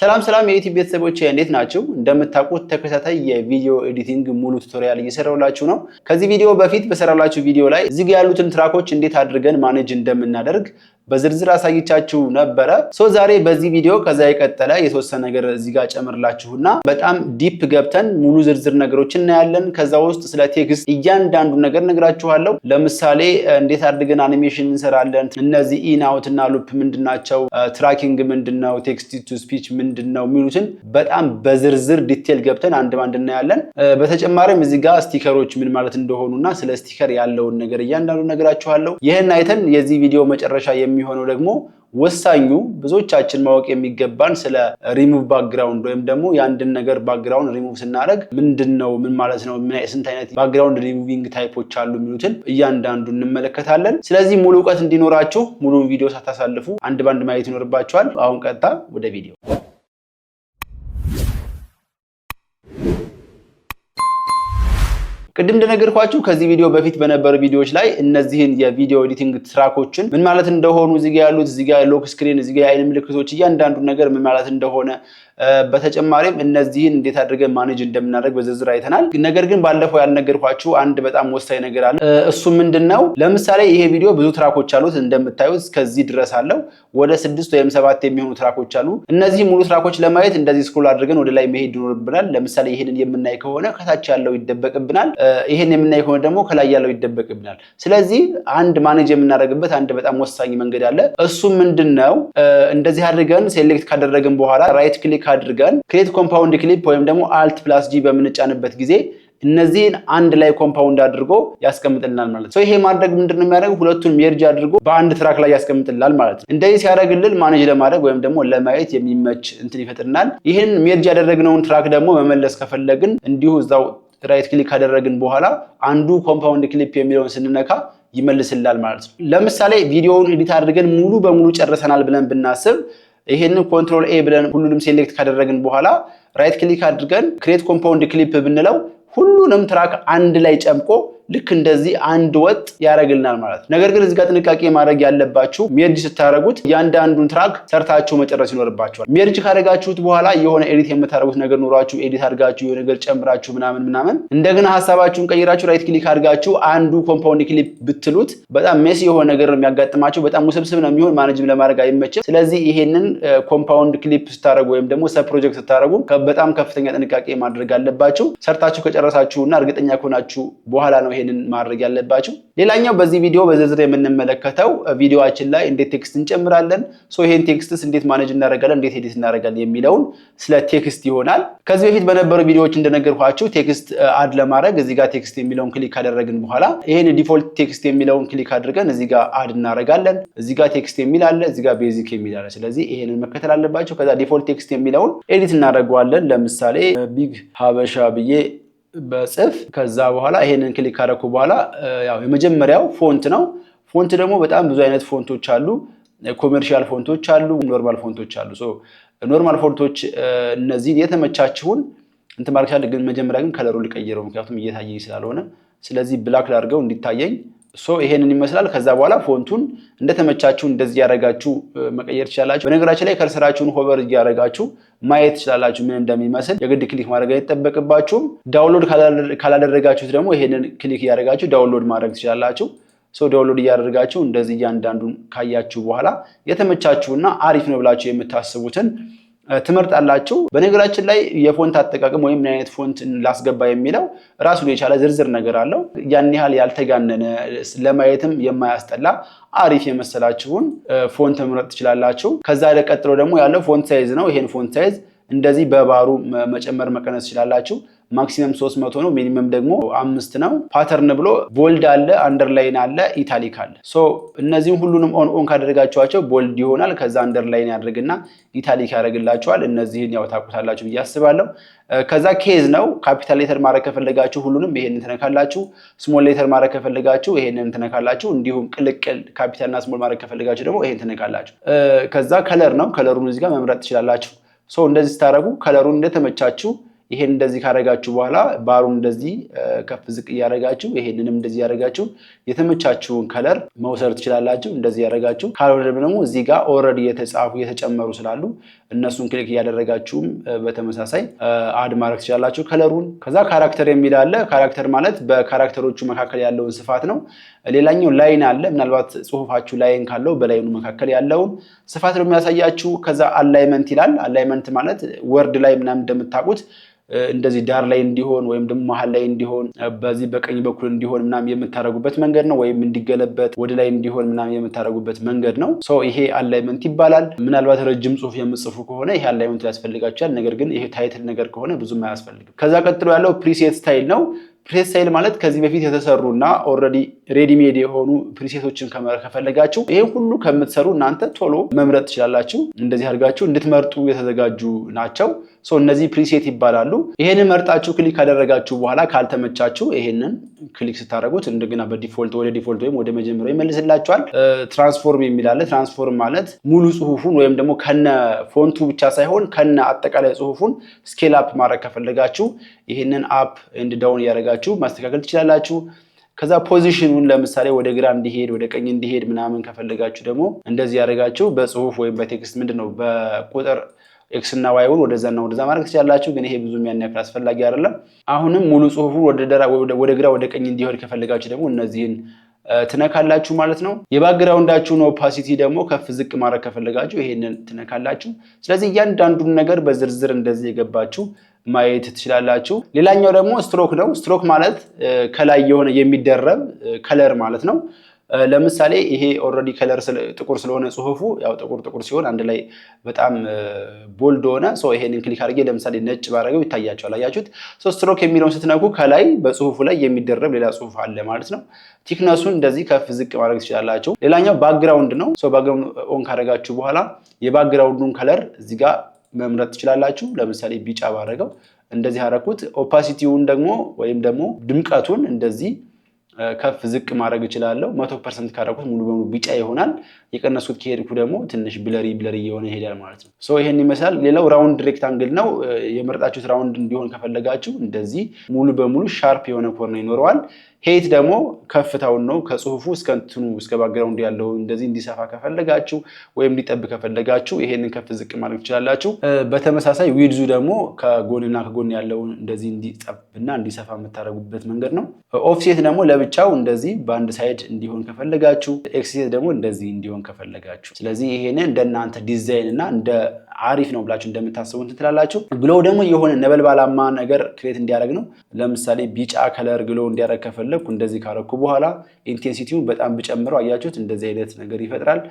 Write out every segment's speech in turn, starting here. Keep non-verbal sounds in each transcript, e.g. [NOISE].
ሰላም ሰላም የዩቲዩብ ቤተሰቦች እንዴት ናችሁ? እንደምታውቁት ተከታታይ የቪዲዮ ኤዲቲንግ ሙሉ ቱቶሪያል እየሰራሁላችሁ ነው። ከዚህ ቪዲዮ በፊት በሰራላችሁ ቪዲዮ ላይ እዚህ ያሉትን ትራኮች እንዴት አድርገን ማኔጅ እንደምናደርግ በዝርዝር አሳይቻችሁ ነበረ። ሶ ዛሬ በዚህ ቪዲዮ ከዛ የቀጠለ የተወሰነ ነገር እዚህ ጋር ጨምርላችሁና በጣም ዲፕ ገብተን ሙሉ ዝርዝር ነገሮች እናያለን። ከዛ ውስጥ ስለ ቴክስት እያንዳንዱ ነገር ነግራችኋለሁ። ለምሳሌ እንዴት አድርገን አኒሜሽን እንሰራለን፣ እነዚህ ኢን እና ሉፕ ምንድናቸው፣ ትራኪንግ ምንድነው፣ ቴክስት ቱ ስፒች ምንድነው የሚሉትን በጣም በዝርዝር ዲቴል ገብተን አንድ ባንድ እናያለን። በተጨማሪም እዚህ ጋር ስቲከሮች ምን ማለት እንደሆኑና ስለ ስቲከር ያለውን ነገር እያንዳንዱ ነግራችኋለሁ። ይህን አይተን የዚህ ቪዲዮ መጨረሻ የሚ የሚሆነው ደግሞ ወሳኙ ብዙዎቻችን ማወቅ የሚገባን ስለ ሪሙቭ ባክግራውንድ ወይም ደግሞ የአንድን ነገር ባክግራውንድ ሪሙቭ ስናደርግ ምንድን ነው፣ ምን ማለት ነው፣ ስንት አይነት ባክግራውንድ ሪሙቪንግ ታይፖች አሉ የሚሉትን እያንዳንዱ እንመለከታለን። ስለዚህ ሙሉ እውቀት እንዲኖራችሁ ሙሉን ቪዲዮ ሳታሳልፉ አንድ በአንድ ማየት ይኖርባችኋል። አሁን ቀጥታ ወደ ቪዲዮ ቅድም እንደነገርኳችሁ ከዚህ ቪዲዮ በፊት በነበሩ ቪዲዮዎች ላይ እነዚህን የቪዲዮ ኤዲቲንግ ትራኮችን ምን ማለት እንደሆኑ እዚጋ ያሉት እዚጋ ሎክ ስክሪን እዚጋ የአይን ምልክቶች እያንዳንዱ ነገር ምን ማለት እንደሆነ በተጨማሪም እነዚህን እንዴት አድርገን ማኔጅ እንደምናደርግ በዝርዝር አይተናል። ነገር ግን ባለፈው ያልነገርኳችሁ አንድ በጣም ወሳኝ ነገር አለ። እሱ ምንድን ነው? ለምሳሌ ይሄ ቪዲዮ ብዙ ትራኮች አሉት እንደምታዩት እስከዚህ ድረስ አለው። ወደ ስድስት ወይም ሰባት የሚሆኑ ትራኮች አሉ። እነዚህ ሙሉ ትራኮች ለማየት እንደዚህ ስክሮል አድርገን ወደ ላይ መሄድ ይኖርብናል። ለምሳሌ ይህንን የምናይ ከሆነ ከታች ያለው ይደበቅብናል። ይህን የምናይ ከሆነ ደግሞ ከላይ ያለው ይደበቅብናል። ስለዚህ አንድ ማኔጅ የምናደርግበት አንድ በጣም ወሳኝ መንገድ አለ። እሱ ምንድን ነው? እንደዚህ አድርገን ሴሌክት ካደረግን በኋላ ራይት ክሊክ አድርገን ክሬት ኮምፓውንድ ክሊፕ ወይም ደግሞ አልት ፕላስ ጂ በምንጫንበት ጊዜ እነዚህን አንድ ላይ ኮምፓውንድ አድርጎ ያስቀምጥልናል ማለት ነው። ይሄ ማድረግ ምንድን ነው የሚያደርገው? ሁለቱንም አድርጎ በአንድ ትራክ ላይ ያስቀምጥልናል ማለት ነው። እንደዚህ ሲያደርግልን ማኔጅ ለማድረግ ወይም ደግሞ ለማየት የሚመች እንትን ይፈጥርናል። ይህን ሜርጅ ያደረግነውን ትራክ ደግሞ መመለስ ከፈለግን እንዲሁ እዛው ራይት ክሊክ ካደረግን በኋላ አንዱ ኮምፓውንድ ክሊፕ የሚለውን ስንነካ ይመልስላል ማለት ነው። ለምሳሌ ቪዲዮውን ኤዲት አድርገን ሙሉ በሙሉ ጨርሰናል ብለን ብናስብ ይሄንን ኮንትሮል ኤ ብለን ሁሉንም ሴሌክት ካደረግን በኋላ ራይት ክሊክ አድርገን ክሬት ኮምፓውንድ ክሊፕ ብንለው ሁሉንም ትራክ አንድ ላይ ጨምቆ ልክ እንደዚህ አንድ ወጥ ያደርግልናል ማለት ነገር ግን እዚጋ ጥንቃቄ ማድረግ ያለባችሁ ሜርጅ ስታደረጉት እያንዳንዱን ትራክ ሰርታችሁ መጨረስ ይኖርባችኋል። ሜርጅ ካደረጋችሁት በኋላ የሆነ ኤዲት የምታደረጉት ነገር ኖሯችሁ ኤዲት አድርጋችሁ የሆነ ነገር ጨምራችሁ ምናምን ምናምን እንደገና ሀሳባችሁን ቀይራችሁ ራይት ክሊክ አድርጋችሁ አንዱ ኮምፓውንድ ክሊፕ ብትሉት በጣም ሜስ የሆነ ነገር ነው የሚያጋጥማችሁ። በጣም ውስብስብ ነው የሚሆን ማኔጅም ለማድረግ አይመችም። ስለዚህ ይሄንን ኮምፓውንድ ክሊፕ ስታደረጉ ወይም ደግሞ ሰብ ፕሮጀክት ስታደረጉ በጣም ከፍተኛ ጥንቃቄ ማድረግ አለባችሁ። ሰርታችሁ ከጨረሳችሁና እርግጠኛ ከሆናችሁ በኋላ ነው ይሄንን ማድረግ ያለባችሁ። ሌላኛው በዚህ ቪዲዮ በዝርዝር የምንመለከተው ቪዲዮችን ላይ እንዴት ቴክስት እንጨምራለን፣ ይሄን ቴክስትስ እንዴት ማኔጅ እናደርጋለን፣ እንዴት ኤዲት እናደርጋለን የሚለውን ስለ ቴክስት ይሆናል። ከዚህ በፊት በነበሩ ቪዲዮዎች እንደነገርኳችሁ ቴክስት አድ ለማድረግ እዚህ ጋር ቴክስት የሚለውን ክሊክ ካደረግን በኋላ ይሄን ዲፎልት ቴክስት የሚለውን ክሊክ አድርገን እዚህ ጋር አድ እናደርጋለን። እዚህ ጋር ቴክስት የሚል አለ፣ እዚህ ጋር ቤዚክ የሚል አለ። ስለዚህ ይሄንን መከተል አለባቸው። ከዛ ዲፎልት ቴክስት የሚለውን ኤዲት እናደርገዋለን። ለምሳሌ ቢግ ሀበሻ ብዬ በጽፍ ከዛ በኋላ ይሄንን ክሊክ ካደረኩ በኋላ ያው የመጀመሪያው ፎንት ነው። ፎንት ደግሞ በጣም ብዙ አይነት ፎንቶች አሉ። ኮሜርሻል ፎንቶች አሉ፣ ኖርማል ፎንቶች አሉ። ኖርማል ፎንቶች እነዚህን የተመቻችሁን እንትን ማድረግ ግን መጀመሪያ ግን ከለሩ ልቀይረው፣ ምክንያቱም እየታየኝ ስላልሆነ። ስለዚህ ብላክ ላድርገው እንዲታየኝ ሶ ይሄንን ይመስላል። ከዛ በኋላ ፎንቱን እንደተመቻችሁ እንደዚህ ያደረጋችሁ መቀየር ትችላላችሁ። በነገራችን ላይ ከርሰራችሁን ሆቨር እያደረጋችሁ ማየት ትችላላችሁ ምን እንደሚመስል። የግድ ክሊክ ማድረግ አይጠበቅባችሁም። ዳውንሎድ ካላደረጋችሁት ደግሞ ይሄንን ክሊክ እያደረጋችሁ ዳውንሎድ ማድረግ ትችላላችሁ። ሰው ዳውንሎድ እያደረጋችሁ እንደዚህ እያንዳንዱን ካያችሁ በኋላ የተመቻችሁና አሪፍ ነው ብላችሁ የምታስቡትን ትመርጣላችሁ። በነገራችን ላይ የፎንት አጠቃቀም ወይም ምን አይነት ፎንት ላስገባ የሚለው ራሱን የቻለ ዝርዝር ነገር አለው። ያን ያህል ያልተጋነነ ለማየትም የማያስጠላ አሪፍ የመሰላችሁን ፎንት መምረጥ ትችላላችሁ። ከዛ ቀጥሎ ደግሞ ያለው ፎንት ሳይዝ ነው። ይሄን ፎንት ሳይዝ እንደዚህ በባሩ መጨመር መቀነስ ትችላላችሁ። ማክሲመም ሶስት መቶ ነው፣ ሚኒመም ደግሞ አምስት ነው። ፓተርን ብሎ ቦልድ አለ፣ አንደርላይን አለ፣ ኢታሊክ አለ። ሶ እነዚህም ሁሉንም ኦን ኦን ካደረጋችኋቸው ቦልድ ይሆናል። ከዛ አንደርላይን ያደርግና ኢታሊክ ያደርግላቸዋል እነዚህን ያው ታውቁታላችሁ ብዬ አስባለሁ። ከዛ ኬዝ ነው። ካፒታል ሌተር ማድረግ ከፈለጋችሁ ሁሉንም ይሄንን ትነካላችሁ። ስሞል ሌተር ማድረግ ከፈለጋችሁ ይሄንን ትነካላችሁ። እንዲሁም ቅልቅል ካፒታልና ስሞል ማድረግ ከፈለጋችሁ ደግሞ ይሄን ትነካላችሁ። ከዛ ከለር ነው። ከለሩን እዚጋ መምረጥ ትችላላችሁ። ሰው እንደዚህ ስታደረጉ ከለሩን እንደተመቻችሁ ይሄን እንደዚህ ካደረጋችሁ በኋላ ባሩን እንደዚህ ከፍ ዝቅ እያደረጋችሁ ይሄንንም እንደዚህ ያደረጋችሁ የተመቻችውን ከለር መውሰድ ትችላላችሁ። እንደዚህ ያደረጋችሁ ካልሆነ ደግሞ እዚህ ጋር ኦልሬዲ የተጻፉ የተጨመሩ ስላሉ እነሱን ክሊክ እያደረጋችሁም በተመሳሳይ አድ ማድረግ ትችላላችሁ ከለሩን። ከዛ ካራክተር የሚል አለ። ካራክተር ማለት በካራክተሮቹ መካከል ያለውን ስፋት ነው። ሌላኛው ላይን አለ። ምናልባት ጽሁፋችሁ ላይን ካለው በላይኑ መካከል ያለውን ስፋት ነው የሚያሳያችሁ። ከዛ አላይመንት ይላል። አላይመንት ማለት ወርድ ላይ ምናምን እንደምታውቁት እንደዚህ ዳር ላይ እንዲሆን ወይም ደግሞ መሀል ላይ እንዲሆን በዚህ በቀኝ በኩል እንዲሆን ምናምን የምታደርጉበት መንገድ ነው። ወይም እንዲገለበጥ ወደ ላይ እንዲሆን ምናምን የምታደረጉበት መንገድ ነው። ሰው ይሄ አላይመንት ይባላል። ምናልባት ረጅም ጽሁፍ የምጽፉ ከሆነ ይሄ አላይመንት ሊያስፈልጋችኋል። ነገር ግን ይሄ ታይትል ነገር ከሆነ ብዙም አያስፈልግም። ከዛ ቀጥሎ ያለው ፕሪሴት ስታይል ነው። ፕሬስ ስታይል ማለት ከዚህ በፊት የተሰሩና ኦልሬዲ ሬዲሜድ የሆኑ ፕሪሴቶችን ከፈለጋችሁ ይህ ሁሉ ከምትሰሩ እናንተ ቶሎ መምረጥ ትችላላችሁ። እንደዚህ አድርጋችሁ እንድትመርጡ የተዘጋጁ ናቸው። እነዚህ ፕሪሴት ይባላሉ። ይሄንን መርጣችሁ ክሊክ ካደረጋችሁ በኋላ ካልተመቻችሁ ይሄንን ክሊክ ስታደረጉት እንደገና በዲፎልት ወደ ዲፎልት ወይም ወደ መጀመሪያ ይመልስላችኋል። ትራንስፎርም የሚላለ ትራንስፎርም ማለት ሙሉ ጽሁፉን ወይም ደግሞ ከነ ፎንቱ ብቻ ሳይሆን ከነ አጠቃላይ ጽሁፉን ስኬል አፕ ማድረግ ከፈለጋችሁ ይህንን አፕ ኤንድ ዳውን እያደረጋችሁ ማስተካከል ትችላላችሁ። ከዛ ፖዚሽኑን ለምሳሌ ወደ ግራ እንዲሄድ ወደ ቀኝ እንዲሄድ ምናምን ከፈለጋችሁ ደግሞ እንደዚህ ያደረጋችሁ በጽሁፍ ወይም በቴክስት ምንድን ነው በቁጥር ኤክስ እና ዋይውን ወደዛና ወደዛ ማድረግ ትችላላችሁ። ግን ይሄ ብዙ ያን ያክል አስፈላጊ አይደለም። አሁንም ሙሉ ጽሁፉን ወደ ግራ ወደ ቀኝ እንዲሆን ከፈለጋችሁ ደግሞ እነዚህን ትነካላችሁ ማለት ነው። የባግራውንዳችሁን ኦፓሲቲ ደግሞ ከፍ ዝቅ ማድረግ ከፈለጋችሁ ይሄንን ትነካላችሁ። ስለዚህ እያንዳንዱን ነገር በዝርዝር እንደዚህ የገባችሁ ማየት ትችላላችሁ። ሌላኛው ደግሞ ስትሮክ ነው። ስትሮክ ማለት ከላይ የሆነ የሚደረብ ከለር ማለት ነው። ለምሳሌ ይሄ ኦልሬዲ ከለር ጥቁር ስለሆነ ጽሁፉ ያው ጥቁር ጥቁር ሲሆን አንድ ላይ በጣም ቦልድ ሆነ። ይሄንን ክሊክ አድርጌ ለምሳሌ ነጭ ባረገው ይታያቸዋል። አያችሁት? ስትሮክ የሚለውን ስትነኩ ከላይ በጽሁፉ ላይ የሚደረብ ሌላ ጽሁፍ አለ ማለት ነው። ቲክነሱን እንደዚህ ከፍ ዝቅ ማድረግ ትችላላችሁ። ሌላኛው ባክግራውንድ ነው። ባክግራውንድ ኦን ካደረጋችሁ በኋላ የባክግራውንዱን ከለር እዚህ ጋር መምረጥ ትችላላችሁ። ለምሳሌ ቢጫ ባረገው እንደዚህ አረኩት። ኦፓሲቲውን ደግሞ ወይም ደግሞ ድምቀቱን እንደዚህ ከፍ ዝቅ ማድረግ እችላለሁ። መቶ ፐርሰንት ካደረኩት ሙሉ በሙሉ ቢጫ ይሆናል። የቀነሱት ከሄድኩ ደግሞ ትንሽ ብለሪ ብለሪ እየሆነ ይሄዳል ማለት ነው። ሶ ይሄን ይመስላል። ሌላው ራውንድ ሬክታንግል ነው። የመረጣችሁት ራውንድ እንዲሆን ከፈለጋችሁ እንደዚህ ሙሉ በሙሉ ሻርፕ የሆነ ኮርነር ይኖረዋል። ሄት ደግሞ ከፍታውን ነው። ከጽሁፉ እስከ እንትኑ እስከ ባግራውንድ ያለው እንደዚህ እንዲሰፋ ከፈለጋችሁ ወይም እንዲጠብ ከፈለጋችሁ ይሄንን ከፍ ዝቅ ማድረግ ትችላላችሁ። በተመሳሳይ ዊድዙ ደግሞ ከጎንና ከጎን ያለውን እንደዚህ እንዲጠብና እንዲሰፋ የምታደርጉበት መንገድ ነው። ኦፍሴት ደግሞ ለብቻው እንደዚህ በአንድ ሳይድ እንዲሆን ከፈለጋችሁ፣ ኤክስሴት ደግሞ እንደዚህ እንዲሆን ከፈለጋችሁ ስለዚህ ይሄንን እንደናንተ ዲዛይን እና እንደ አሪፍ ነው ብላችሁ እንደምታስቡ እንትን ትላላችሁ። ግሎው ደግሞ የሆነ ነበልባላማ ነገር ክሬት እንዲያደርግ ነው። ለምሳሌ ቢጫ ከለር ግሎ እንዲያደርግ ከፈለግኩ እንደዚህ ካረኩ በኋላ ኢንቴንሲቲውን በጣም ብጨምረው አያችሁት፣ እንደዚህ አይነት ነገር ይፈጥራል።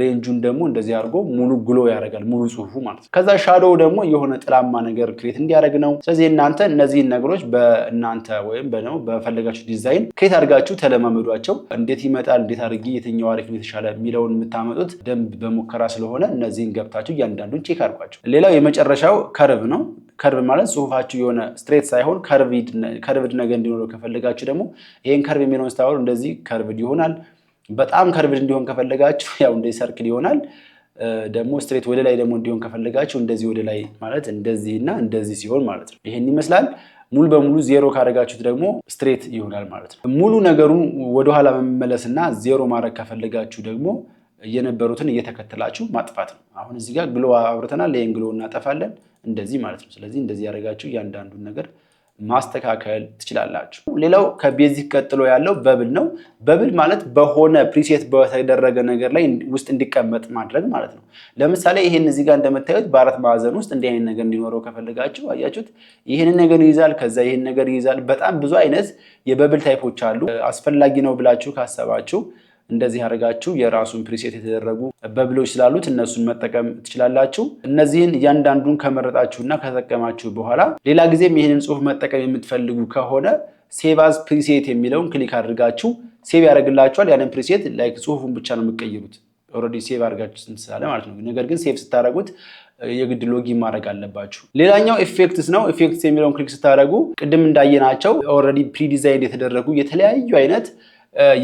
ሬንጁን ደግሞ እንደዚህ አድርጎ ሙሉ ግሎ ያደርጋል ሙሉ ጽሁፉ ማለት ነው። ከዛ ሻዶው ደግሞ የሆነ ጥላማ ነገር ክሬት እንዲያደርግ ነው። ስለዚህ እናንተ እነዚህን ነገሮች በእናንተ ወይም ደግሞ በፈለጋችሁ ዲዛይን ክሬት አድርጋችሁ ተለማመዷቸው። እንዴት ይመጣል፣ እንዴት አድርጊ፣ የትኛው አሪፍ ነው የተሻለ የሚለውን የምታመጡት ደንብ በሙከራ ስለሆነ እነዚህን ገብታችሁ እያንዳንዱን ቼክ አድርጓቸው። ሌላው የመጨረሻው ከርብ ነው። ከርብ ማለት ጽሁፋችሁ የሆነ ስትሬት ሳይሆን ከርቭድ ነገር እንዲኖረው ከፈለጋችሁ ደግሞ ይህን ከርብ የሚለውን ስታወሩ እንደዚህ ከርቭድ ይሆናል። በጣም ከርብድ እንዲሆን ከፈለጋችሁ [LAUGHS] ያው እንደ ሰርክል ይሆናል። ደግሞ ስትሬት ወደ ላይ ደግሞ እንዲሆን ከፈለጋችሁ እንደዚህ ወደ ላይ ማለት እንደዚህ እና እንደዚህ ሲሆን ማለት ነው። ይሄን ይመስላል። ሙሉ በሙሉ ዜሮ ካደረጋችሁት ደግሞ ስትሬት ይሆናል ማለት ነው። ሙሉ ነገሩ ወደኋላ በመመለስና ዜሮ ማድረግ ከፈለጋችሁ ደግሞ የነበሩትን እየተከተላችሁ ማጥፋት ነው። አሁን እዚህ ጋር ግሎ አብርተናል። ይህን ግሎ እናጠፋለን እንደዚህ ማለት ነው። ስለዚህ እንደዚህ ያደረጋችሁ እያንዳንዱን ነገር ማስተካከል ትችላላችሁ። ሌላው ከቤዚክ ቀጥሎ ያለው በብል ነው። በብል ማለት በሆነ ፕሪሴት በተደረገ ነገር ላይ ውስጥ እንዲቀመጥ ማድረግ ማለት ነው። ለምሳሌ ይህን እዚህ ጋር እንደምታዩት በአራት ማዕዘን ውስጥ እንዲህ አይነት ነገር እንዲኖረው ከፈለጋችሁ አያችሁት፣ ይህንን ነገር ይይዛል፣ ከዛ ይህን ነገር ይይዛል። በጣም ብዙ አይነት የበብል ታይፖች አሉ። አስፈላጊ ነው ብላችሁ ካሰባችሁ እንደዚህ አድርጋችሁ የራሱን ፕሪሴት የተደረጉ በብሎች ስላሉት እነሱን መጠቀም ትችላላችሁ። እነዚህን እያንዳንዱን ከመረጣችሁና ከጠቀማችሁ በኋላ ሌላ ጊዜም ይህንን ጽሁፍ መጠቀም የምትፈልጉ ከሆነ ሴቫዝ ፕሪሴት የሚለውን ክሊክ አድርጋችሁ ሴቭ ያደርግላችኋል። ያንን ፕሪሴት ላይክ ጽሁፉን ብቻ ነው የምትቀይሩት። ኦልሬዲ ሴቭ አድርጋችሁ ስንትስላለ ማለት ነው። ነገር ግን ሴቭ ስታደረጉት የግድ ሎጊን ማድረግ አለባችሁ። ሌላኛው ኢፌክትስ ነው። ኢፌክትስ የሚለውን ክሊክ ስታደረጉ ቅድም እንዳየናቸው ኦልሬዲ ፕሪዲዛይን የተደረጉ የተለያዩ አይነት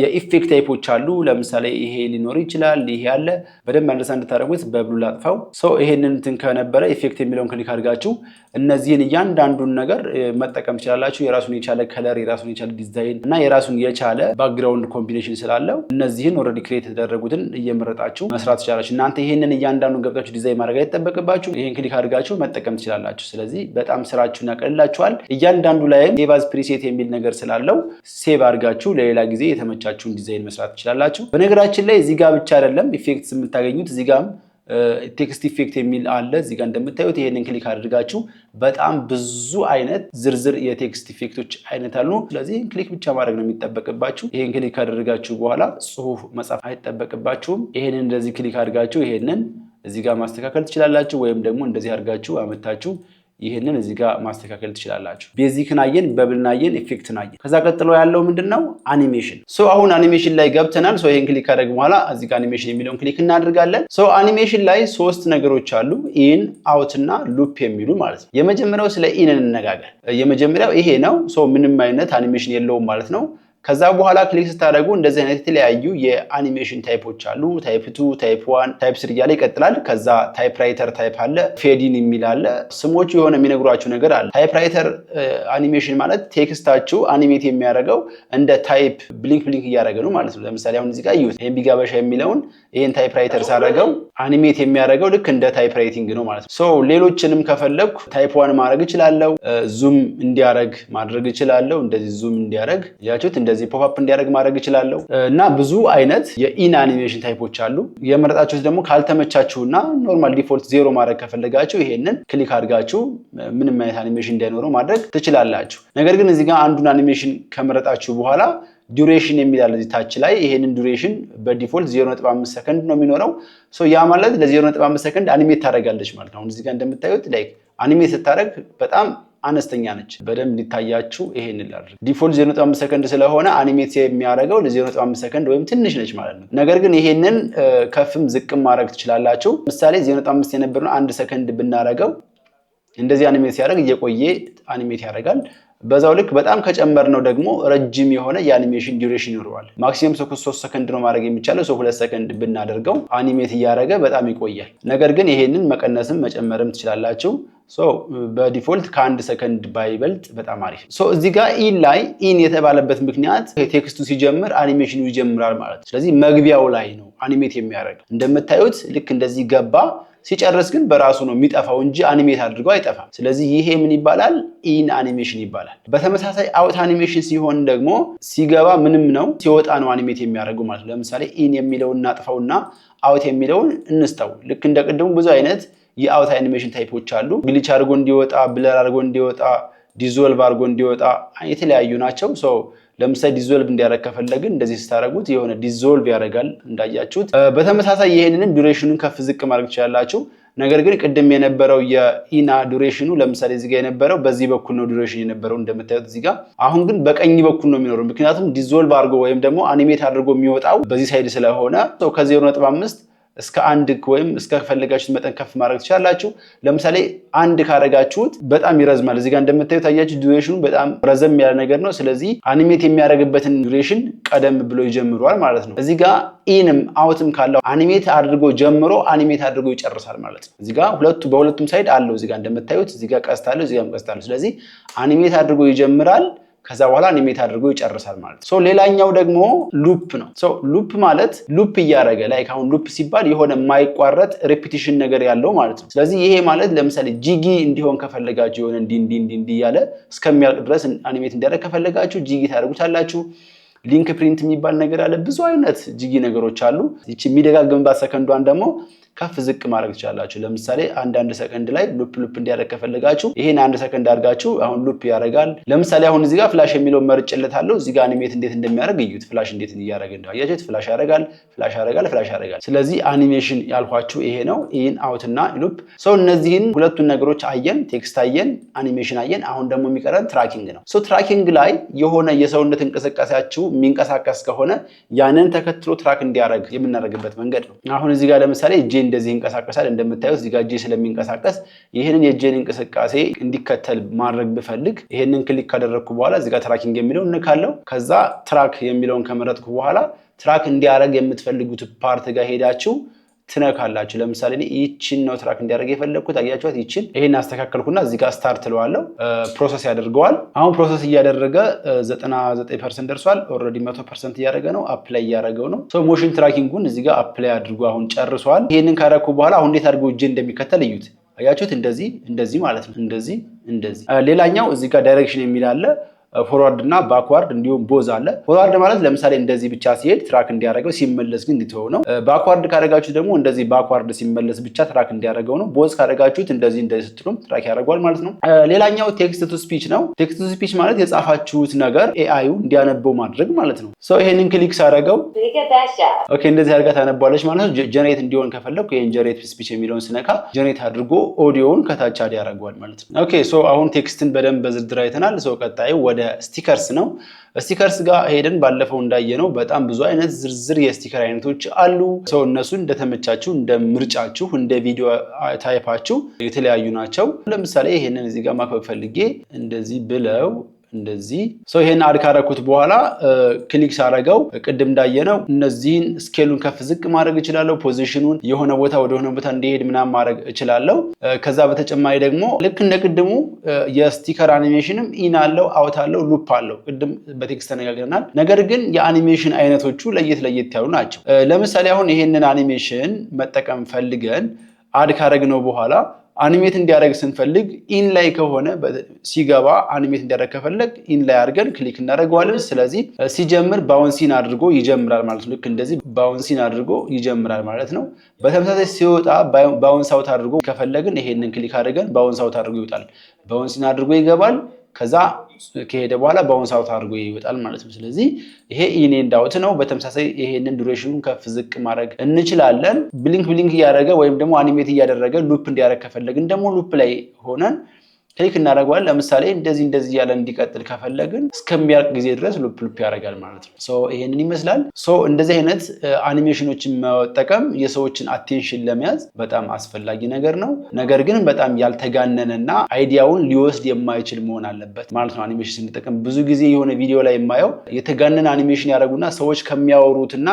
የኢፌክት ታይፖች አሉ። ለምሳሌ ይሄ ሊኖር ይችላል። ይሄ አለ። በደንብ አንደሳ እንድታደረጉት በብሉ ላጥፈው። ሰው ይሄንን እንትን ከነበረ ኢፌክት የሚለውን ክሊክ አድርጋችሁ እነዚህን እያንዳንዱን ነገር መጠቀም ትችላላችሁ። የራሱን የቻለ ከለር፣ የራሱን የቻለ ዲዛይን እና የራሱን የቻለ ባክግራውንድ ኮምቢኔሽን ስላለው እነዚህን ኦልሬዲ ክሬት የተደረጉትን እየመረጣችሁ መስራት ትችላላችሁ። እናንተ ይሄንን እያንዳንዱን ገብታችሁ ዲዛይን ማድረግ አይጠበቅባችሁ። ይሄን ክሊክ አድርጋችሁ መጠቀም ትችላላችሁ። ስለዚህ በጣም ስራችሁን ያቀልላችኋል። እያንዳንዱ ላይም ሴቭ አዝ ፕሪሴት የሚል ነገር ስላለው ሴቭ አድርጋችሁ ለሌላ ጊዜ የተመቻችሁን ዲዛይን መስራት ትችላላችሁ። በነገራችን ላይ እዚህ ጋር ብቻ አይደለም ኢፌክትስ የምታገኙት እዚህ ጋም ቴክስት ኢፌክት የሚል አለ እዚጋ እንደምታዩት። ይሄንን ክሊክ አድርጋችሁ በጣም ብዙ አይነት ዝርዝር የቴክስት ኢፌክቶች አይነት አሉ። ስለዚህ ይህን ክሊክ ብቻ ማድረግ ነው የሚጠበቅባችሁ። ይህን ክሊክ ካደረጋችሁ በኋላ ጽሁፍ መጻፍ አይጠበቅባችሁም። ይሄንን እንደዚህ ክሊክ አድርጋችሁ ይሄንን እዚጋ ማስተካከል ትችላላችሁ፣ ወይም ደግሞ እንደዚህ አድርጋችሁ አመታችሁ ይህንን እዚህ ጋር ማስተካከል ትችላላችሁ። ቤዚክን አየን፣ በብልን አየን፣ ኤፌክትን አየን። ከዛ ቀጥሎ ያለው ምንድን ነው? አኒሜሽን። ሶ አሁን አኒሜሽን ላይ ገብተናል። ሶ ይህን ክሊክ ካደረግ በኋላ እዚህ ጋር አኒሜሽን የሚለውን ክሊክ እናደርጋለን። ሶ አኒሜሽን ላይ ሶስት ነገሮች አሉ፣ ኢን፣ አውት እና ሉፕ የሚሉ ማለት ነው። የመጀመሪያው ስለ ኢን እንነጋገር። የመጀመሪያው ይሄ ነው። ሶ ምንም አይነት አኒሜሽን የለውም ማለት ነው ከዛ በኋላ ክሊክ ስታደረጉ እንደዚህ አይነት የተለያዩ የአኒሜሽን ታይፖች አሉ። ታይፕ ቱ፣ ታይፕ ዋን፣ ታይፕ ስሪ እያለ ይቀጥላል። ከዛ ታይፕ ራይተር ታይፕ አለ፣ ፌዲን የሚል አለ። ስሞቹ የሆነ የሚነግሯችሁ ነገር አለ። ታይፕ ራይተር አኒሜሽን ማለት ቴክስታችሁ አኒሜት የሚያደርገው እንደ ታይፕ ብሊንክ ብሊንክ እያደረገ ነው ማለት ነው። ለምሳሌ አሁን እዚህ ጋር እዩት። ይህን ቢጋበሻ የሚለውን ይህን ታይፕ ራይተር ሳደርገው አኒሜት የሚያደርገው ልክ እንደ ታይፕ ራይቲንግ ነው ማለት ነው። ሶ ሌሎችንም ከፈለግኩ ታይፕ ዋን ማድረግ እችላለሁ። ዙም እንዲያደርግ ማድረግ እችላለሁ። እንደዚህ ዙም እንዲያደርግ ያችሁት እንደዚህ ፖፕ እንዲያደርግ ማድረግ እችላለሁ እና ብዙ አይነት የኢን አኒሜሽን ታይፖች አሉ። የመረጣችሁት ደግሞ ካልተመቻችሁና ኖርማል ዲፎልት ዜሮ ማድረግ ከፈለጋችሁ ይሄንን ክሊክ አድርጋችሁ ምንም አይነት አኒሜሽን እንዳይኖረው ማድረግ ትችላላችሁ። ነገር ግን እዚህ ጋር አንዱን አኒሜሽን ከመረጣችሁ በኋላ ዱሬሽን የሚላል እዚህ ታች ላይ ይሄንን ዱሬሽን በዲፎልት 0.5 ሰከንድ ነው የሚኖረው። ያ ማለት ለ0.5 ሰከንድ አኒሜት ታደርጋለች ማለት ነው። አሁን እዚህ ጋር እንደምታዩት ላይክ አኒሜት ስታደርግ በጣም አነስተኛ ነች። በደንብ እንዲታያችሁ ይሄን ላድርግ። ዲፎልት 0.5 ሰከንድ ስለሆነ አኒሜት የሚያደርገው ለ0.5 ሰከንድ ወይም ትንሽ ነች ማለት ነው። ነገር ግን ይሄንን ከፍም ዝቅም ማድረግ ትችላላችሁ። ምሳሌ 0.5 የነበረውን አንድ ሰከንድ ብናደርገው እንደዚህ አኒሜት ሲያደርግ እየቆየ አኒሜት ያደርጋል። በዛው ልክ በጣም ከጨመር ነው ደግሞ ረጅም የሆነ የአኒሜሽን ዲሬሽን ይኖረዋል። ማክሲመም ሰኮንድ ሶስት ሰከንድ ነው ማድረግ የሚቻለው ሰው ሁለት ሰከንድ ብናደርገው አኒሜት እያደረገ በጣም ይቆያል። ነገር ግን ይሄንን መቀነስም መጨመርም ትችላላችሁ። በዲፎልት ከአንድ ሰከንድ ባይበልጥ በጣም አሪፍ። እዚህ ጋር ኢን ላይ ኢን የተባለበት ምክንያት ቴክስቱ ሲጀምር አኒሜሽኑ ይጀምራል ማለት ስለዚህ መግቢያው ላይ ነው አኒሜት የሚያደርገው እንደምታዩት ልክ እንደዚህ ገባ ሲጨርስ ግን በራሱ ነው የሚጠፋው እንጂ አኒሜት አድርገው አይጠፋም። ስለዚህ ይሄ ምን ይባላል? ኢን አኒሜሽን ይባላል። በተመሳሳይ አውት አኒሜሽን ሲሆን ደግሞ ሲገባ ምንም ነው፣ ሲወጣ ነው አኒሜት የሚያደርገው ማለት ነው። ለምሳሌ ኢን የሚለውን እናጥፈውና አውት የሚለውን እንስተው። ልክ እንደ ቅድሙ ብዙ አይነት የአውት አኒሜሽን ታይፖች አሉ። ግሊች አድርጎ እንዲወጣ፣ ብለር አድርጎ እንዲወጣ፣ ዲዞልቭ አድርጎ እንዲወጣ የተለያዩ ናቸው። ለምሳሌ ዲዞልቭ እንዲያደረግ ከፈለግን እንደዚህ ስታደረጉት የሆነ ዲዞልቭ ያደርጋል እንዳያችሁት። በተመሳሳይ ይህንንም ዱሬሽኑን ከፍ ዝቅ ማድረግ ትችላላችሁ። ነገር ግን ቅድም የነበረው የኢና ዱሬሽኑ ለምሳሌ እዚጋ የነበረው በዚህ በኩል ነው ዱሬሽን የነበረው እንደምታዩት እዚጋ። አሁን ግን በቀኝ በኩል ነው የሚኖረው ምክንያቱም ዲዞልቭ አድርጎ ወይም ደግሞ አኒሜት አድርጎ የሚወጣው በዚህ ሳይድ ስለሆነ ከዜሮ ነጥብ አምስት እስከ አንድ ወይም እስከፈለጋችሁት መጠን ከፍ ማድረግ ትችላላችሁ። ለምሳሌ አንድ ካረጋችሁት በጣም ይረዝማል። እዚጋ እንደምታዩት ታያችሁ፣ ዱሬሽኑ በጣም ረዘም ያለ ነገር ነው። ስለዚህ አኒሜት የሚያደርግበትን ዱሬሽን ቀደም ብሎ ይጀምረዋል ማለት ነው። እዚጋ ኢንም አውትም ካለው አኒሜት አድርጎ ጀምሮ አኒሜት አድርጎ ይጨርሳል ማለት ነው። እዚጋ ሁለቱ በሁለቱም ሳይድ አለው። እዚጋ እንደምታዩት እዚጋ አለው እዚጋም አለው ስለዚህ አኒሜት አድርጎ ይጀምራል ከዛ በኋላ አኒሜት አድርጎ ይጨርሳል ማለት ነው። ሌላኛው ደግሞ ሉፕ ነው። ሉፕ ማለት ሉፕ እያደረገ ላይ አሁን ሉፕ ሲባል የሆነ የማይቋረጥ ሬፒቲሽን ነገር ያለው ማለት ነው። ስለዚህ ይሄ ማለት ለምሳሌ ጂጊ እንዲሆን ከፈለጋችሁ የሆነ እንዲ እንዲ እንዲ እያለ እስከሚያልቅ ድረስ አኒሜት እንዲያደርግ ከፈለጋችሁ ጂጊ ታደርጉታላችሁ። ሊንክ ፕሪንት የሚባል ነገር አለ። ብዙ አይነት ጅጊ ነገሮች አሉ። ይቺ የሚደጋግምባት ሰከንዷን ደግሞ ከፍ ዝቅ ማድረግ ትችላላችሁ። ለምሳሌ አንድ አንድ ሰከንድ ላይ ሉፕ ሉፕ እንዲያደርግ ከፈለጋችሁ ይሄን አንድ ሰከንድ አድርጋችሁ አሁን ሉፕ ያደርጋል። ለምሳሌ አሁን እዚጋ ፍላሽ የሚለውን መርጭለት እዚህ እዚጋ አኒሜት እንዴት እንደሚያደርግ እዩት። ፍላሽ እንዴት እያደረገ እንደያችሁት ፍላሽ ያደርጋል፣ ፍላሽ ያደርጋል፣ ፍላሽ ያደርጋል። ስለዚህ አኒሜሽን ያልኳችሁ ይሄ ነው። ኢን አውት እና ሉፕ ሰው እነዚህን ሁለቱን ነገሮች አየን። ቴክስት አየን፣ አኒሜሽን አየን። አሁን ደግሞ የሚቀረን ትራኪንግ ነው። ትራኪንግ ላይ የሆነ የሰውነት እንቅስቃሴያችሁ የሚንቀሳቀስ ከሆነ ያንን ተከትሎ ትራክ እንዲያደርግ የምናደርግበት መንገድ ነው። አሁን እዚህ ጋር ለምሳሌ እጄ እንደዚህ ይንቀሳቀሳል። እንደምታዩት እዚህ ጋር እጄ ስለሚንቀሳቀስ ይህንን የእጄን እንቅስቃሴ እንዲከተል ማድረግ ብፈልግ ይህንን ክሊክ ካደረግኩ በኋላ እዚህ ጋር ትራኪንግ የሚለውን እንካለው። ከዛ ትራክ የሚለውን ከመረጥኩ በኋላ ትራክ እንዲያደርግ የምትፈልጉት ፓርት ጋር ሄዳችሁ ትነካላችሁ። ለምሳሌ ይችን ነው ትራክ እንዲያደርግ የፈለግኩት። አያችኋት? ይችን ይሄን አስተካከልኩና እዚህ ጋር ስታርት ለዋለው ፕሮሰስ ያደርገዋል። አሁን ፕሮሰስ እያደረገ 99 ፐርሰንት ደርሷል። ኦልሬዲ 100 ፐርሰንት እያደረገ ነው። አፕላይ እያደረገው ነው። ሰው ሞሽን ትራኪንጉን እዚህ ጋር አፕላይ አድርጎ አሁን ጨርሷል። ይሄንን ካረኩ በኋላ አሁን እንዴት አድርገው እጄ እንደሚከተል እዩት። አያችሁት? እንደዚህ እንደዚህ ማለት ነው። እንደዚህ እንደዚህ። ሌላኛው እዚህ ጋር ዳይሬክሽን የሚል አለ ፎርዋርድ እና ባክዋርድ እንዲሁም ቦዝ አለ። ፎርዋርድ ማለት ለምሳሌ እንደዚህ ብቻ ሲሄድ ትራክ እንዲያደርገው ሲመለስ ግን እንዲትወው ነው። ባክዋርድ ካደረጋችሁት ደግሞ እንደዚህ ባክዋርድ ሲመለስ ብቻ ትራክ እንዲያደርገው ነው። ቦዝ ካደረጋችሁት እንደዚህ እንደዚህ ስትሉም ትራክ ያደርገዋል ማለት ነው። ሌላኛው ቴክስት ቱ ስፒች ነው። ቴክስት ቱ ስፒች ማለት የጻፋችሁት ነገር ኤአዩ እንዲያነበው ማድረግ ማለት ነው። ሰው ይሄንን ክሊክ ሳደረገው እንደዚህ አድርጋ ታነቧለች ማለት ነው። ጀኔሬት እንዲሆን ከፈለግኩ ይህን ጀኔሬት ስፒች የሚለውን ስነካ ጀኔሬት አድርጎ ኦዲዮውን ከታች ያደርገዋል ማለት ነው። ኦኬ ሶ አሁን ቴክስትን በደንብ በዝርዝር አይተናል። ሰው ቀጣዩ ወደ ወደ ስቲከርስ ነው። ስቲከርስ ጋር ሄደን ባለፈው እንዳየነው በጣም ብዙ አይነት ዝርዝር የስቲከር አይነቶች አሉ። ሰው እነሱ እንደተመቻችሁ፣ እንደ ምርጫችሁ፣ እንደ ቪዲዮ ታይፓችሁ የተለያዩ ናቸው። ለምሳሌ ይህንን እዚህ ጋር ማክበብ ፈልጌ እንደዚህ ብለው እንደዚህ ሰው ይሄን አድ ካረኩት በኋላ ክሊክ ሳረገው ቅድም እንዳየነው እነዚህን ስኬሉን ከፍ ዝቅ ማድረግ እችላለሁ። ፖዚሽኑን የሆነ ቦታ ወደሆነ ቦታ እንዲሄድ ምናምን ማድረግ እችላለሁ። ከዛ በተጨማሪ ደግሞ ልክ እንደ ቅድሙ የስቲከር አኒሜሽንም ኢን አለው፣ አውት አለው፣ ሉፕ አለው። ቅድም በቴክስት ተነጋግረናል። ነገር ግን የአኒሜሽን አይነቶቹ ለየት ለየት ያሉ ናቸው። ለምሳሌ አሁን ይሄንን አኒሜሽን መጠቀም ፈልገን አድ ካረግነው በኋላ አኒሜት እንዲያደርግ ስንፈልግ ኢን ላይ ከሆነ ሲገባ አኒሜት እንዲያደርግ ከፈለግ ኢን ላይ አድርገን ክሊክ እናደርገዋለን። ስለዚህ ሲጀምር ባውንሲን አድርጎ ይጀምራል ማለት ነው። ልክ እንደዚህ ባውንሲን አድርጎ ይጀምራል ማለት ነው። በተመሳሳይ ሲወጣ ባውንስ አውት አድርጎ ከፈለግን ይሄንን ክሊክ አድርገን ባውንስ አውት አድርጎ ይወጣል። ባውንሲን አድርጎ ይገባል። ከዛ ከሄደ በኋላ በአሁን ሰዓት አድርጎ ይወጣል ማለት ነው። ስለዚህ ይሄ ኢን አውት ነው። በተመሳሳይ ይሄንን ዱሬሽኑን ከፍ ዝቅ ማድረግ እንችላለን። ብሊንክ ብሊንክ እያደረገ ወይም ደግሞ አኒሜት እያደረገ ሉፕ እንዲያደረግ ከፈለግን ደግሞ ሉፕ ላይ ሆነን ክሊክ እናደርገዋል ለምሳሌ እንደዚህ እንደዚህ እያለ እንዲቀጥል ከፈለግን እስከሚያልቅ ጊዜ ድረስ ሉፕ ሉፕ ያደርጋል ማለት ነው። ይሄንን ይመስላል። ሶ እንደዚህ አይነት አኒሜሽኖችን መጠቀም የሰዎችን አቴንሽን ለመያዝ በጣም አስፈላጊ ነገር ነው። ነገር ግን በጣም ያልተጋነነና አይዲያውን ሊወስድ የማይችል መሆን አለበት ማለት ነው። አኒሜሽን ስንጠቀም ብዙ ጊዜ የሆነ ቪዲዮ ላይ የማየው የተጋነነ አኒሜሽን ያደረጉና ሰዎች ከሚያወሩትና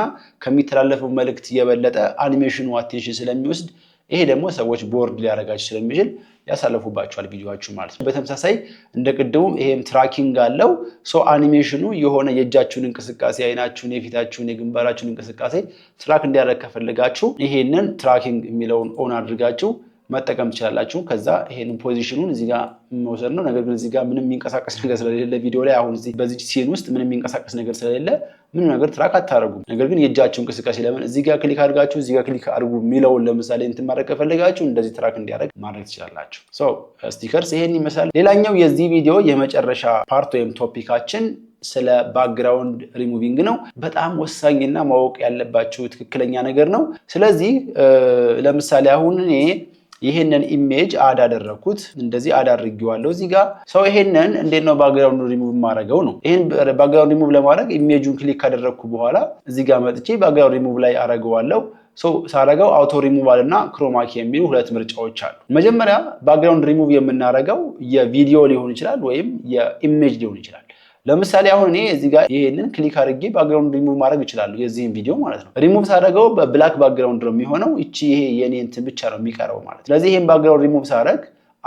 ከሚተላለፈው መልእክት የበለጠ አኒሜሽኑ አቴንሽን ስለሚወስድ ይሄ ደግሞ ሰዎች ቦርድ ሊያደርጋቸው ስለሚችል ያሳለፉባቸዋል ቪዲዮዎቹ ማለት ነው። በተመሳሳይ እንደ ቅድሙ ይሄም ትራኪንግ አለው። ሰው አኒሜሽኑ የሆነ የእጃችሁን እንቅስቃሴ፣ አይናችሁን፣ የፊታችሁን፣ የግንባራችሁን እንቅስቃሴ ትራክ እንዲያደርግ ከፈለጋችሁ ይሄንን ትራኪንግ የሚለውን ኦን አድርጋችሁ መጠቀም ትችላላችሁ። ከዛ ይሄንን ፖዚሽኑን እዚህ ጋር መውሰድ ነው። ነገር ግን እዚህ ጋር ምንም የሚንቀሳቀስ ነገር ስለሌለ ቪዲዮ ላይ አሁን በዚህ ሲን ውስጥ ምንም የሚንቀሳቀስ ነገር ስለሌለ ምንም ነገር ትራክ አታደርጉም። ነገር ግን የእጃችሁ እንቅስቃሴ ለምን እዚህ ጋር ክሊክ አድርጋችሁ እዚህ ጋር ክሊክ አድርጉ የሚለውን ለምሳሌ እንትን ማድረግ ከፈለጋችሁ እንደዚህ ትራክ እንዲያደርግ ማድረግ ትችላላችሁ። ሰው ስቲከርስ ይሄን ይመስላል። ሌላኛው የዚህ ቪዲዮ የመጨረሻ ፓርት ወይም ቶፒካችን ስለ ባክግራውንድ ሪሙቪንግ ነው። በጣም ወሳኝና ማወቅ ያለባችሁ ትክክለኛ ነገር ነው። ስለዚህ ለምሳሌ አሁን እኔ ይህንን ኢሜጅ አድ አደረግኩት። እንደዚህ አድ አድርጌዋለሁ። እዚህ ጋር ሰው ይሄንን እንዴት ነው ባክግራውንድ ሪሙቭ ማድረገው ነው። ይህን ባክግራውንድ ሪሙቭ ለማድረግ ኢሜጁን ክሊክ ካደረግኩ በኋላ እዚህ ጋር መጥቼ ባክግራውንድ ሪሙቭ ላይ አረገዋለሁ። ሳረገው አውቶ ሪሙቫል እና ክሮማኪ የሚሉ ሁለት ምርጫዎች አሉ። መጀመሪያ ባክግራውንድ ሪሙቭ የምናረገው የቪዲዮ ሊሆን ይችላል ወይም የኢሜጅ ሊሆን ይችላል። ለምሳሌ አሁን እኔ እዚህ ጋር ይሄንን ክሊክ አድርጌ ባክግራውንድ ሪሙቭ ማድረግ እችላለሁ። የዚህን ቪዲዮ ማለት ነው። ሪሙቭ ሳደረገው በብላክ ባክግራውንድ ነው የሚሆነው። እቺ ይሄ የኔ እንትን ብቻ ነው የሚቀረው ማለት ነው። ስለዚህ ይሄን ባክግራውንድ ሪሙቭ ሳደረግ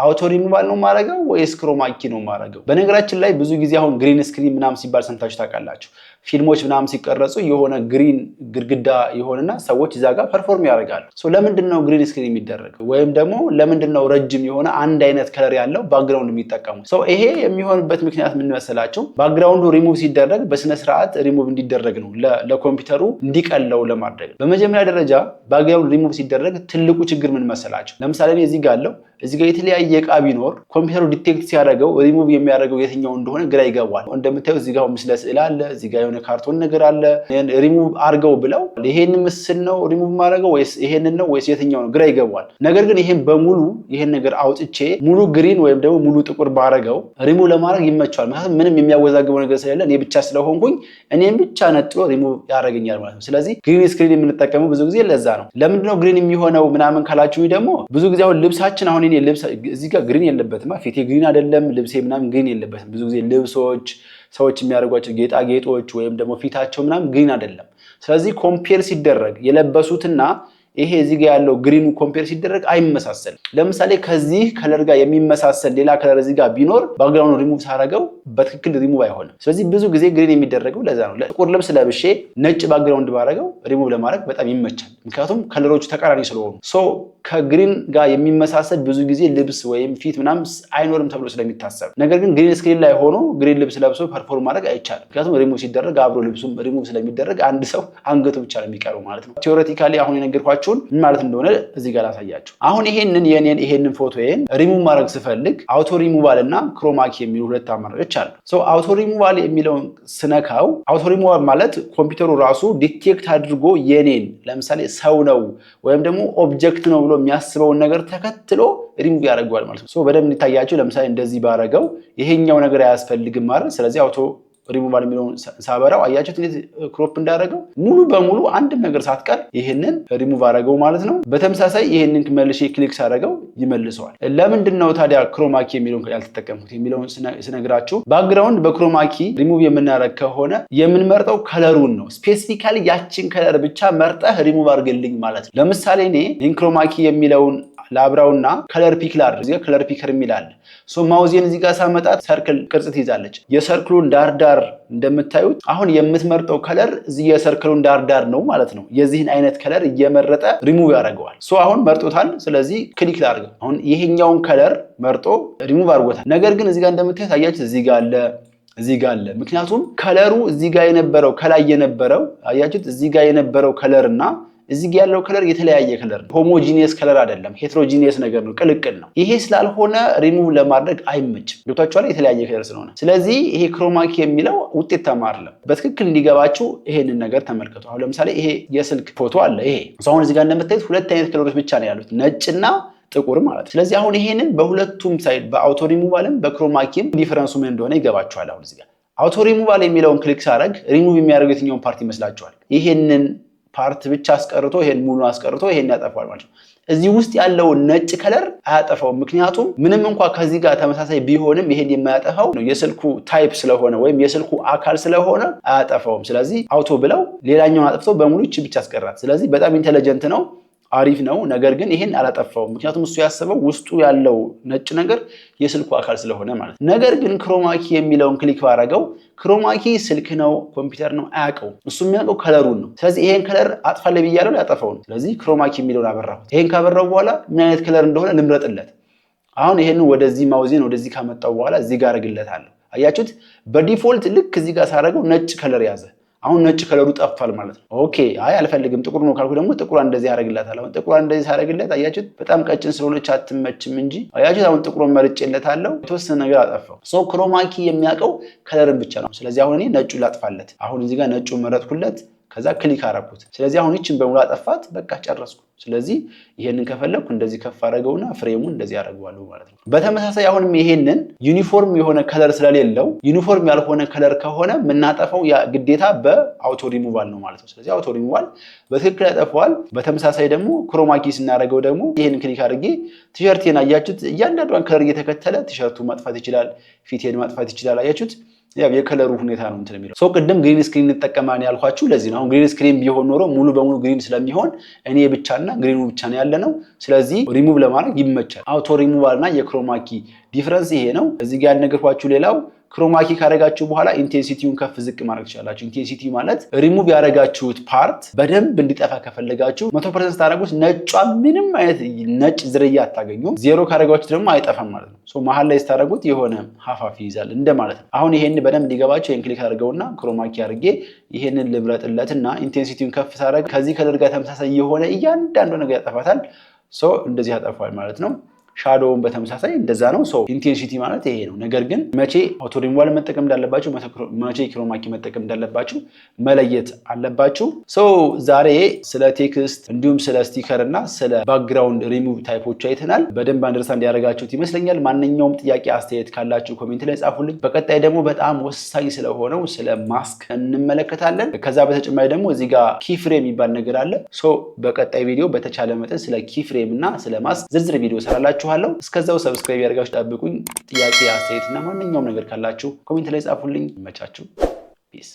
አውቶ ሪሙቫል ነው ማድረገው ወይስ ክሮማኪ ነው ማድረገው? በነገራችን ላይ ብዙ ጊዜ አሁን ግሪን ስክሪን ምናምን ሲባል ሰምታችሁ ታውቃላችሁ። ፊልሞች ምናምን ሲቀረጹ የሆነ ግሪን ግድግዳ የሆነና ሰዎች እዛ ጋር ፐርፎርም ያደርጋሉ። ለምንድን ነው ግሪን ስክሪን የሚደረግ ወይም ደግሞ ለምንድን ነው ረጅም የሆነ አንድ አይነት ከለር ያለው ባክግራውንድ የሚጠቀሙ? ይሄ የሚሆንበት ምክንያት የምንመስላቸው ባክግራውንዱ ሪሙቭ ሲደረግ በስነስርዓት ሪሙቭ እንዲደረግ ነው፣ ለኮምፒውተሩ እንዲቀለው ለማድረግ በመጀመሪያ ደረጃ ባክግራውንድ ሪሙቭ ሲደረግ ትልቁ ችግር ምን ለምሳሌ እዚህ ጋር አለው እዚህ ጋር የተለያየ እቃ ቢኖር ኮምፒውተሩ ዲቴክት ሲያደርገው ሪሙቭ የሚያደርገው የትኛው እንደሆነ ግራ ይገባል። እንደምታየው እዚህ ጋር ምስለ ስዕል አለ፣ እዚህ ጋር የሆነ ካርቶን ነገር አለ ሪሙቭ አድርገው ብለው ይሄን ምስል ነው ሪሙቭ ማድረገው ወይስ ይሄንን ነው ወይስ የትኛው ነው ግራ ይገባዋል። ነገር ግን ይሄን በሙሉ ይሄን ነገር አውጥቼ ሙሉ ግሪን ወይም ደግሞ ሙሉ ጥቁር ባረገው ሪሙቭ ለማድረግ ይመቸዋል። ምክንያቱም ምንም የሚያወዛግበው ነገር ስለሌለ እኔ ብቻ ስለሆንኩኝ እኔም ብቻ ነጥሎ ሪሙቭ ያደረገኛል ማለት ነው። ስለዚህ ግሪን ስክሪን የምንጠቀመው ብዙ ጊዜ ለዛ ነው። ለምንድነው ግሪን የሚሆነው ምናምን ካላችሁ ደግሞ ብዙ ጊዜ አሁን ልብሳችን አሁን እኔ ልብስ እዚህ ጋር ግሪን የለበትም፣ ፊቴ ግሪን አይደለም ልብሴ ምናምን ግሪን የለበትም ብዙ ጊዜ ልብሶች ሰዎች የሚያደርጓቸው ጌጣጌጦች ወይም ደግሞ ፊታቸው ምናምን ግን አይደለም። ስለዚህ ኮምፔር ሲደረግ የለበሱትና ይሄ እዚህ ጋር ያለው ግሪኑ ኮምፔር ሲደረግ አይመሳሰልም። ለምሳሌ ከዚህ ከለር ጋር የሚመሳሰል ሌላ ከለር እዚህ ጋር ቢኖር ባክግራውንዱ ሪሙቭ ሳረገው በትክክል ሪሙቭ አይሆንም። ስለዚህ ብዙ ጊዜ ግሪን የሚደረገው ለዛ ነው። ጥቁር ልብስ ለብሼ ነጭ ባክግራውንድ ባረገው ሪሙቭ ለማድረግ በጣም ይመቻል፣ ምክንያቱም ከለሮቹ ተቃራኒ ስለሆኑ። ሶ ከግሪን ጋር የሚመሳሰል ብዙ ጊዜ ልብስ ወይም ፊት ምናምን አይኖርም ተብሎ ስለሚታሰብ፣ ነገር ግን ግሪን ስክሪን ላይ ሆኖ ግሪን ልብስ ለብሶ ፐርፎርም ማድረግ አይቻልም፣ ምክንያቱም ሪሙቭ ሲደረግ አብሮ ልብሱም ሪሙቭ ስለሚደረግ አንድ ሰው አንገቱ ብቻ ነው የሚቀረው ማለት ነው። ቴዎሬቲካሊ አሁን የነገርኳቸው ፎቶዎቻችሁን ምን ማለት እንደሆነ እዚህ ጋር ላሳያችሁ። አሁን ይሄንን የኔን ይሄንን ፎቶዬን ሪሙቭ ማድረግ ስፈልግ አውቶ ሪሙቫል እና ክሮማኪ የሚሉ ሁለት አማራጮች አሉ። አውቶ ሪሙቫል የሚለውን ስነካው አውቶ ሪሙቫል ማለት ኮምፒውተሩ ራሱ ዲቴክት አድርጎ የኔን ለምሳሌ ሰው ነው ወይም ደግሞ ኦብጀክት ነው ብሎ የሚያስበውን ነገር ተከትሎ ሪሙቭ ያደርገዋል ማለት ነው። በደንብ እንዲታያቸው ለምሳሌ እንደዚህ ባረገው ይሄኛው ነገር አያስፈልግም ማለት ስለዚህ አውቶ ሪሙቫል የሚለውን ሳበራው አያችሁት እንዴት ክሮፕ እንዳደረገው ሙሉ በሙሉ አንድም ነገር ሳትቀር ይህንን ሪሙቭ አደረገው ማለት ነው። በተመሳሳይ ይህንን መልሼ ክሊክ ሳደረገው ይመልሰዋል። ለምንድን ነው ታዲያ ክሮማኪ የሚለውን ያልተጠቀምኩት የሚለውን ስነግራችሁ ባክግራውንድ በክሮማኪ ሪሙቭ የምናደረግ ከሆነ የምንመርጠው ከለሩን ነው። ስፔሲፊካሊ ያችን ከለር ብቻ መርጠህ ሪሙቭ አድርግልኝ ማለት ነው። ለምሳሌ እኔ ይህን ክሮማኪ የሚለውን ላብራውና ከለር ፒክ ላድርግ። እዚህ ከለር ፒከር የሚላል ሶ ማውዜን እዚህ ጋር ሳመጣት ሰርክል ቅርጽ ትይዛለች። የሰርክሉን ዳርዳር እንደምታዩት አሁን የምትመርጠው ከለር እዚህ የሰርክሉን ዳርዳር ነው ማለት ነው። የዚህን አይነት ከለር እየመረጠ ሪሙቭ ያደርገዋል። ሶ አሁን መርጦታል። ስለዚህ ክሊክ ላድርግ። አሁን ይሄኛውን ከለር መርጦ ሪሙቭ አድርጎታል። ነገር ግን እዚህ ጋር እንደምታዩት አያችሁ እዚህ ጋር አለ እዚህ ጋር አለ። ምክንያቱም ከለሩ እዚህ ጋር የነበረው ከላይ የነበረው አያችሁት፣ እዚህ ጋር የነበረው ከለር እና እዚህ ያለው ከለር የተለያየ ከለር ነው። ሆሞጂኒየስ ከለር አይደለም፣ ሄትሮጂኒየስ ነገር ነው፣ ቅልቅል ነው። ይሄ ስላልሆነ ሪሙቭ ለማድረግ አይመችም። ገብቷችኋል? የተለያየ ከለር ስለሆነ። ስለዚህ ይሄ ክሮማኪ የሚለው ውጤታማ አይደለም። በትክክል እንዲገባችሁ ይሄንን ነገር ተመልከቱ። አሁን ለምሳሌ ይሄ የስልክ ፎቶ አለ። ይሄ አሁን እዚህ ጋር እንደምታዩት ሁለት አይነት ከለሮች ብቻ ነው ያሉት ነጭና ጥቁር ማለት ነው። ስለዚህ አሁን ይሄንን በሁለቱም ሳይድ በአውቶ ሪሙቫልም በክሮማኪም ዲፈረንሱ ምን እንደሆነ ይገባችኋል። አሁን እዚህ ጋር አውቶ ሪሙቫል የሚለውን ክሊክ ሳረግ ሪሙቭ የሚያደርገው የትኛውን ፓርቲ ይመስላችኋል? ይሄንን ፓርት ብቻ አስቀርቶ ይሄን ሙሉ አስቀርቶ ይሄን ያጠፋዋል ማለት ነው። እዚህ ውስጥ ያለውን ነጭ ከለር አያጠፋውም። ምክንያቱም ምንም እንኳ ከዚህ ጋር ተመሳሳይ ቢሆንም ይሄን የማያጠፋው የስልኩ ታይፕ ስለሆነ ወይም የስልኩ አካል ስለሆነ አያጠፋውም። ስለዚህ አውቶ ብለው ሌላኛውን አጥፍተው በሙሉ ይቺ ብቻ አስቀራት። ስለዚህ በጣም ኢንቴለጀንት ነው። አሪፍ ነው። ነገር ግን ይሄን አላጠፋውም። ምክንያቱም እሱ ያሰበው ውስጡ ያለው ነጭ ነገር የስልኩ አካል ስለሆነ ማለት ነው። ነገር ግን ክሮማኪ የሚለውን ክሊክ ባረገው ክሮማኪ ስልክ ነው ኮምፒውተር ነው አያውቀው። እሱ የሚያውቀው ከለሩን ነው። ስለዚህ ይሄን ከለር አጥፋልኝ ብያለው ሊያጠፋው ነው። ስለዚህ ክሮማኪ የሚለውን አበራሁት። ይሄን ካበራው በኋላ ምን አይነት ከለር እንደሆነ ልምረጥለት። አሁን ይሄን ወደዚህ ማውዜን ወደዚህ ካመጣው በኋላ እዚህ ጋር አረግለታለሁ። አያችሁት? በዲፎልት ልክ እዚህ ጋር ሳረገው ነጭ ከለር ያዘ። አሁን ነጭ ከለሩ ጠፋል ማለት ነው። ኦኬ አይ አልፈልግም ጥቁር ነው ካልኩ ደግሞ ጥቁሯ እንደዚህ ያደረግላታል። አሁን ጥቁሯ እንደዚህ ሳደረግለት አያችሁት፣ በጣም ቀጭን ስለሆነች አትመችም እንጂ አያችሁት፣ አሁን ጥቁሩን አለው የተወሰነ ነገር አጠፋው። ሰው ክሮማኪ የሚያውቀው ከለርን ብቻ ነው። ስለዚህ አሁን እኔ ነጩ ላጥፋለት። አሁን እዚህ ጋር ነጩ መረጥኩለት። ከዛ ክሊክ አረኩት። ስለዚህ አሁን ይችን በሙሉ አጠፋት፣ በቃ ጨረስኩ። ስለዚህ ይሄንን ከፈለግኩ እንደዚህ ከፍ አረገውና ፍሬሙን እንደዚህ አደረገዋለሁ ማለት ነው። በተመሳሳይ አሁንም ይሄንን ዩኒፎርም የሆነ ከለር ስለሌለው ዩኒፎርም ያልሆነ ከለር ከሆነ የምናጠፈው ግዴታ በአውቶ ሪሙቫል ነው ማለት ነው። ስለዚህ አውቶ ሪሙቫል በትክክል ያጠፈዋል። በተመሳሳይ ደግሞ ክሮማኪ ስናደረገው ደግሞ ይሄን ክሊክ አድርጌ ቲሸርቴን አያችሁት፣ እያንዳንዷን ከለር እየተከተለ ቲሸርቱ ማጥፋት ይችላል፣ ፊቴን ማጥፋት ይችላል። አያችሁት ያው የከለሩ ሁኔታ ነው እንትን የሚለው ሰው ቅድም ግሪን ስክሪን እንጠቀማን ያልኳችሁ ለዚህ ነው። አሁን ግሪን ስክሪን ቢሆን ኖሮ ሙሉ በሙሉ ግሪን ስለሚሆን እኔ ብቻና ግሪኑ ብቻ ነው ያለ ነው። ስለዚህ ሪሙቭ ለማድረግ ይመቻል። አውቶ ሪሙቫል እና የክሮማኪ ዲፍረንስ ይሄ ነው። እዚህ ጋር ያልነገርኳችሁ ሌላው ክሮማኪ ካደረጋችሁ በኋላ ኢንቴንሲቲውን ከፍ ዝቅ ማድረግ ትችላላችሁ። ኢንቴንሲቲ ማለት ሪሙቭ ያደረጋችሁት ፓርት በደንብ እንዲጠፋ ከፈለጋችሁ መቶ ፐርሰንት ስታደረጉት ነጯ ምንም አይነት ነጭ ዝርያ አታገኙም። ዜሮ ካደረጋችሁ ደግሞ አይጠፋም ማለት ነው። መሀል ላይ ስታደረጉት የሆነ ሀፋፊ ይዛል እንደማለት ነው። አሁን ይሄን በደንብ እንዲገባቸው ይህን ክሊክ አድርገውና ክሮማኪ አድርጌ ይሄንን ልምረጥለትና ኢንቴንሲቲውን ከፍ ሳደረግ ከዚህ ከደርጋ ተመሳሳይ የሆነ እያንዳንዱ ነገር ያጠፋታል። እንደዚህ ያጠፋል ማለት ነው። ሻዶውን በተመሳሳይ እንደዛ ነው። ሰው ኢንቴንሲቲ ማለት ይሄ ነው። ነገር ግን መቼ አውቶ ሪሙቫል መጠቀም እንዳለባችሁ፣ መቼ ኪሮማኪ መጠቀም እንዳለባችሁ መለየት አለባችሁ። ሰው ዛሬ ስለ ቴክስት እንዲሁም ስለ ስቲከር እና ስለ ባክግራውንድ ሪሙቭ ታይፖች አይተናል። በደንብ አንደርስታንድ ያደረጋችሁት ይመስለኛል። ማንኛውም ጥያቄ አስተያየት ካላችሁ ኮሜንት ላይ ጻፉልኝ። በቀጣይ ደግሞ በጣም ወሳኝ ስለሆነው ስለ ማስክ እንመለከታለን። ከዛ በተጨማሪ ደግሞ እዚህ ጋር ኪፍሬም የሚባል ነገር አለ። በቀጣይ ቪዲዮ በተቻለ መጠን ስለ ኪፍሬም እና ስለ ማስክ ዝርዝር ቪዲዮ ሰራላችሁ እወዳችኋለሁ። እስከዛው ሰብስክራይብ ያደርጋችሁ ጠብቁኝ። ጥያቄ አስተያየትና ማንኛውም ነገር ካላችሁ ኮሜንት ላይ ጻፉልኝ። ይመቻችሁ። ፒስ